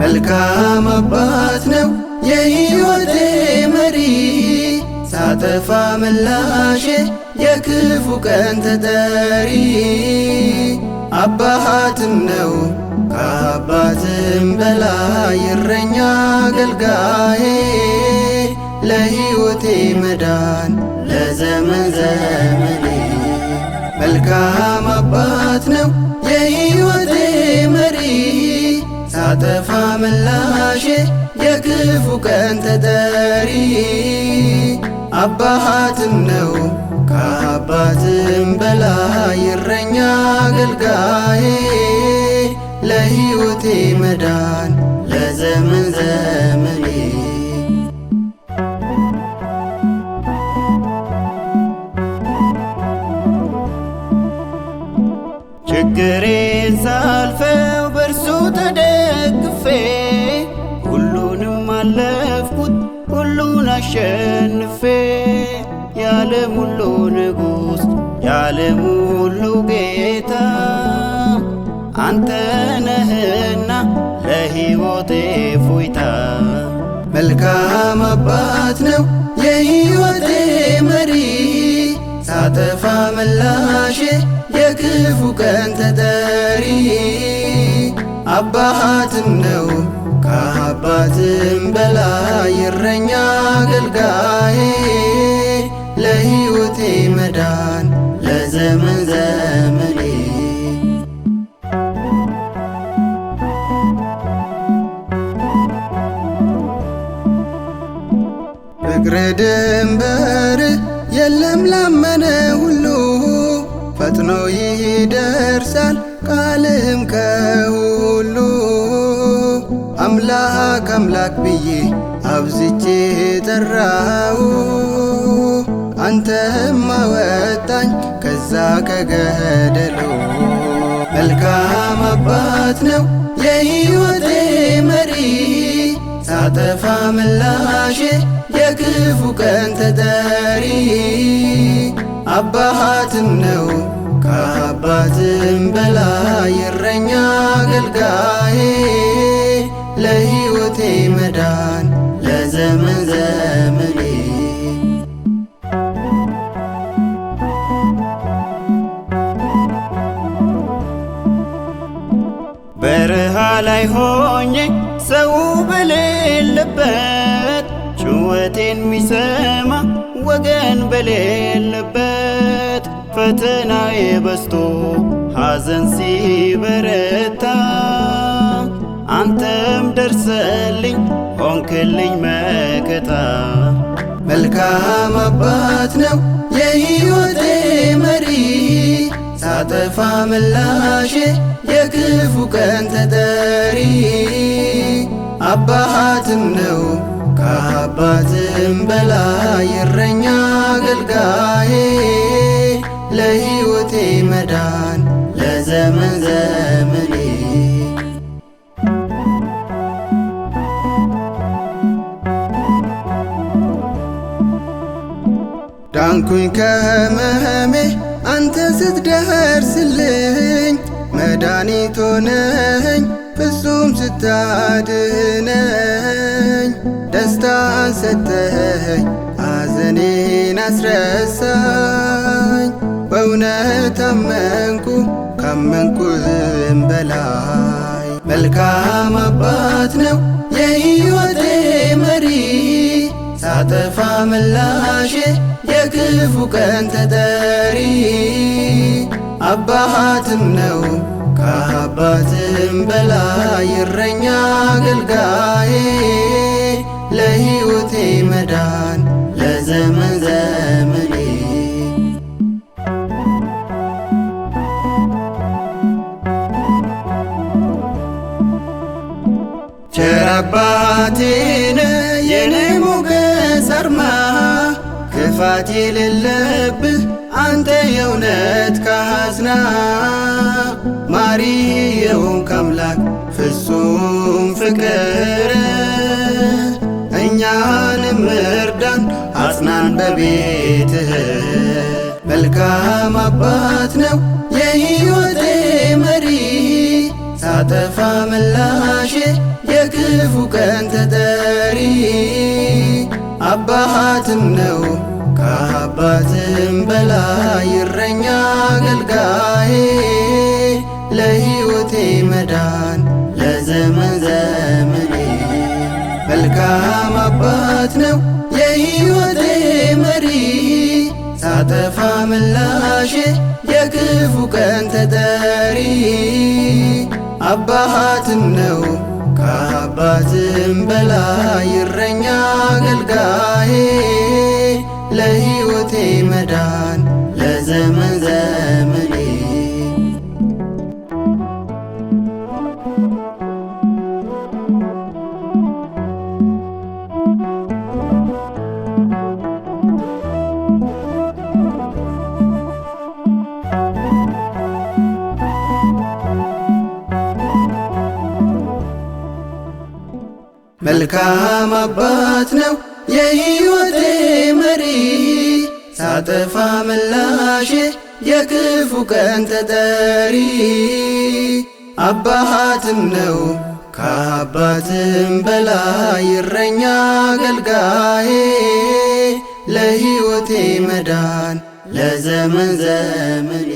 መልካም አባት ነው የሕይወቴ መሪ ላጠፋ ምላሼ የክፉ ቀን ተጠሪ አባሃትም ነው ከአባትም በላይ እረኛ አገልጋዬ ለሕይወቴ መዳን ለዘመን ዘመኔ መልካም አባት ነው የሕይወቴ መሪ ሳጠፋ ምላሼ የክፉ ቀን ተጠሪ አባትም ነው ከአባትም በላይ እረኛ አገልጋዬ ለሕይወቴ መዳን ለዘመን ዘመኔ ችግሬን ሳልፈው በእርሱ ተደግፌ ሁሉንም አለው! አሸንፌ የዓለም ሁሉ ንጉሥ የዓለም ሁሉ ጌታ አንተ ነህና ለሕይወቴ ፎይታ መልካም አባት ነው የሕይወቴ መሪ ሳጠፋ መላሼ የክፉ ቀን ተጠሪ አባትም ነው ከአባትም በላይ እረኛ አገልጋዬ ለሕይወቴ መዳን ለዘመን ዘመኔ እግረ ድንበር የለም ላመነ ሁሉ ፈጥኖ ይደርሳል ቃልም ከሁሉ አምላክ አምላክ ብዬ አብዝቼ ጠራው አንተም አወጣኝ ከዛ ከገደሉ። መልካም አባት ነው የሕይወቴ መሪ ሳጠፋ ምላሼ የክፉ ቀን ተጠሪ አባትም ነው ከአባትም በላይ እረኛ አገልጋዬ ለሕይወቴ መዳን ለዘመን ዘመኔ በረሃ ላይ ሆኜ ሰው በሌለበት ጩኸቴን የሚሰማ ወገን በሌለበት ፈተናዬ በዝቶ ሐዘን ሲበረታ ደርሰልኝ ሆንክልኝ መከታ። መልካም አባት ነው የሕይወቴ መሪ ሳጠፋ ምላሼ የክፉ ቀን ተጠሪ አባትም ነው ከአባትም በላይ እረኛ አገልጋዬ ለሕይወቴ መዳን ለዘመን ዘመኔ ዳንኩኝ ከመሜ አንተ ስትደርስልኝ መድኃኒት ሆነኝ ፍጹም ስታድነኝ ደስታ ሰጠኸኝ አዘኔን አስረሳኝ በእውነት አመንኩ ካመንኩም በላይ መልካም አባት ነው የሕይወቴ መሪ ሳጠፋ ምላሽ የክፉ ቀን ተጠሪ አባሃትም ነው ከአባትም በላይ እረኛ አገልጋዬ ለሕይወቴ መዳን ለዘመን ዘመኔ ቸር አባቴ ከርማ ክፋት የሌለብህ አንተ የእውነት ካህዝና ማሪ የውን አምላክ ፍጹም ፍቅር እኛንም እርዳን አጽናን በቤትህ መልካም አባት ነው የሕይወቴ መሪ ሳጠፋ ምላሽ የክፉ ቀን ተጠሪ አባትም ነው ከአባትም በላይ እረኛ አገልጋዬ ለሕይወቴ መዳን ለዘመን ዘመኔ መልካም አባት ነው የሕይወቴ መሪ ሳጠፋ ምላሼ የክፉ ቀን ተጠሪ አባትም ነው ከአባትም በላይ እረኛ አገልጋዬ ለሕይወቴ መዳን ለዘመን መልካም አባት ነው የሕይወቴ መሪ ሳጠፋ ምላሼ የክፉ ቀን ተጠሪ አባትም ነው ከአባትም በላይ እረኛ አገልጋዬ ለሕይወቴ መዳን ለዘመን ዘመኔ